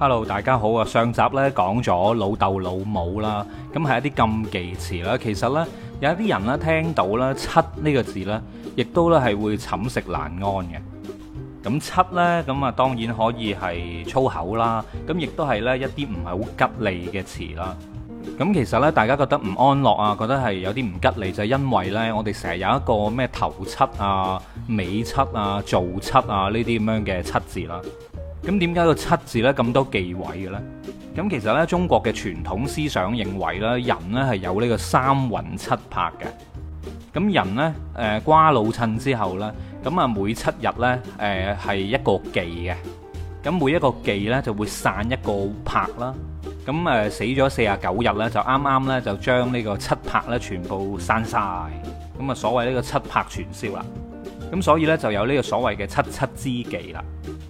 Hello，大家好啊！上集咧講咗老豆老母啦，咁係一啲禁忌詞啦。其實呢，有一啲人咧，聽到咧，七呢個字呢，亦都咧係會寢食難安嘅。咁七呢，咁啊當然可以係粗口啦，咁亦都係呢一啲唔係好吉利嘅詞啦。咁其實呢，大家覺得唔安樂啊，覺得係有啲唔吉利，就係因為呢，我哋成日有一個咩頭七啊、尾七啊、造七啊呢啲咁樣嘅七字啦。咁點解個七字呢，咁多忌諱嘅咧？咁其實呢，中國嘅傳統思想認為呢，人呢係有呢個三魂七魄嘅。咁人呢，誒瓜老襯之後呢，咁、呃、啊、呃呃呃呃呃、每七日呢，係、呃、一個忌嘅。咁每一個忌呢，就會散一個魄啦。咁誒、呃、死咗四十九日呢，就啱啱呢，就將呢個七魄呢全部散晒。咁啊，所謂呢個七魄全消啦。咁所以呢，就有呢個所謂嘅七七之忌啦。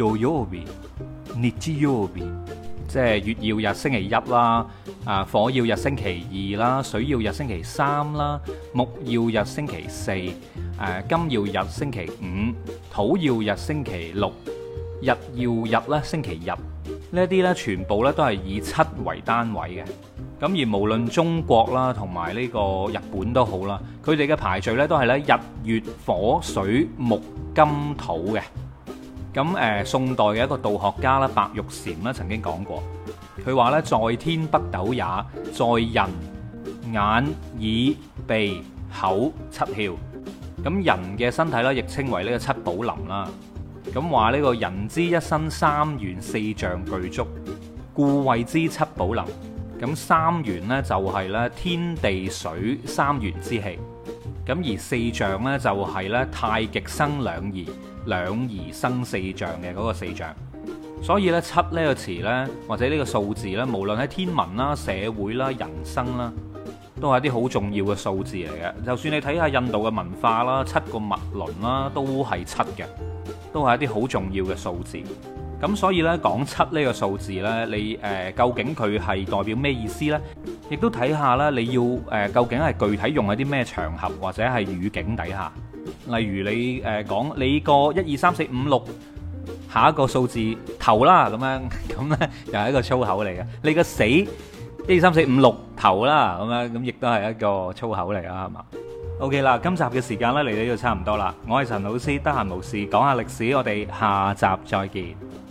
要曜日、日曜日，即係月曜日星期一啦，啊火曜日星期二啦，水曜日星期三啦，木曜日星期四，誒金曜日星期五，土曜日星期六，日曜日咧星期日，呢一啲咧全部咧都係以七為單位嘅。咁而無論中國啦，同埋呢個日本都好啦，佢哋嘅排序咧都係咧日、月、火、水、木、金、土嘅。咁誒、呃、宋代嘅一個道學家啦，白玉蟾啦曾經講過，佢話咧在天不斗也，在人眼耳鼻口七竅。咁人嘅身體啦，亦稱為呢個七寶林啦。咁話呢個人之一身三元四象俱足，故謂之七寶林。咁三元呢，就係、是、咧天地水三元之氣。咁而四象呢，就係呢太極生兩儀，兩儀生四象嘅嗰個四象。所以呢七呢個詞呢，或者呢個數字呢，無論喺天文啦、社會啦、人生啦，都係啲好重要嘅數字嚟嘅。就算你睇下印度嘅文化啦，七個脈輪啦，都係七嘅，都係一啲好重要嘅數字。咁所以呢，講七呢個數字呢，你誒、呃、究竟佢係代表咩意思呢？亦都睇下啦，你要誒究竟係具體用喺啲咩場合或者係語境底下？例如你誒講你個一二三四五六下一個數字頭啦，咁樣咁呢又係一個粗口嚟嘅。你個死一二三四五六頭啦，咁樣咁亦都係一個粗口嚟嘅，係嘛？OK 啦，今集嘅時間呢嚟到呢度差唔多啦。我係陳老師，得閒無事講下歷史，我哋下集再見。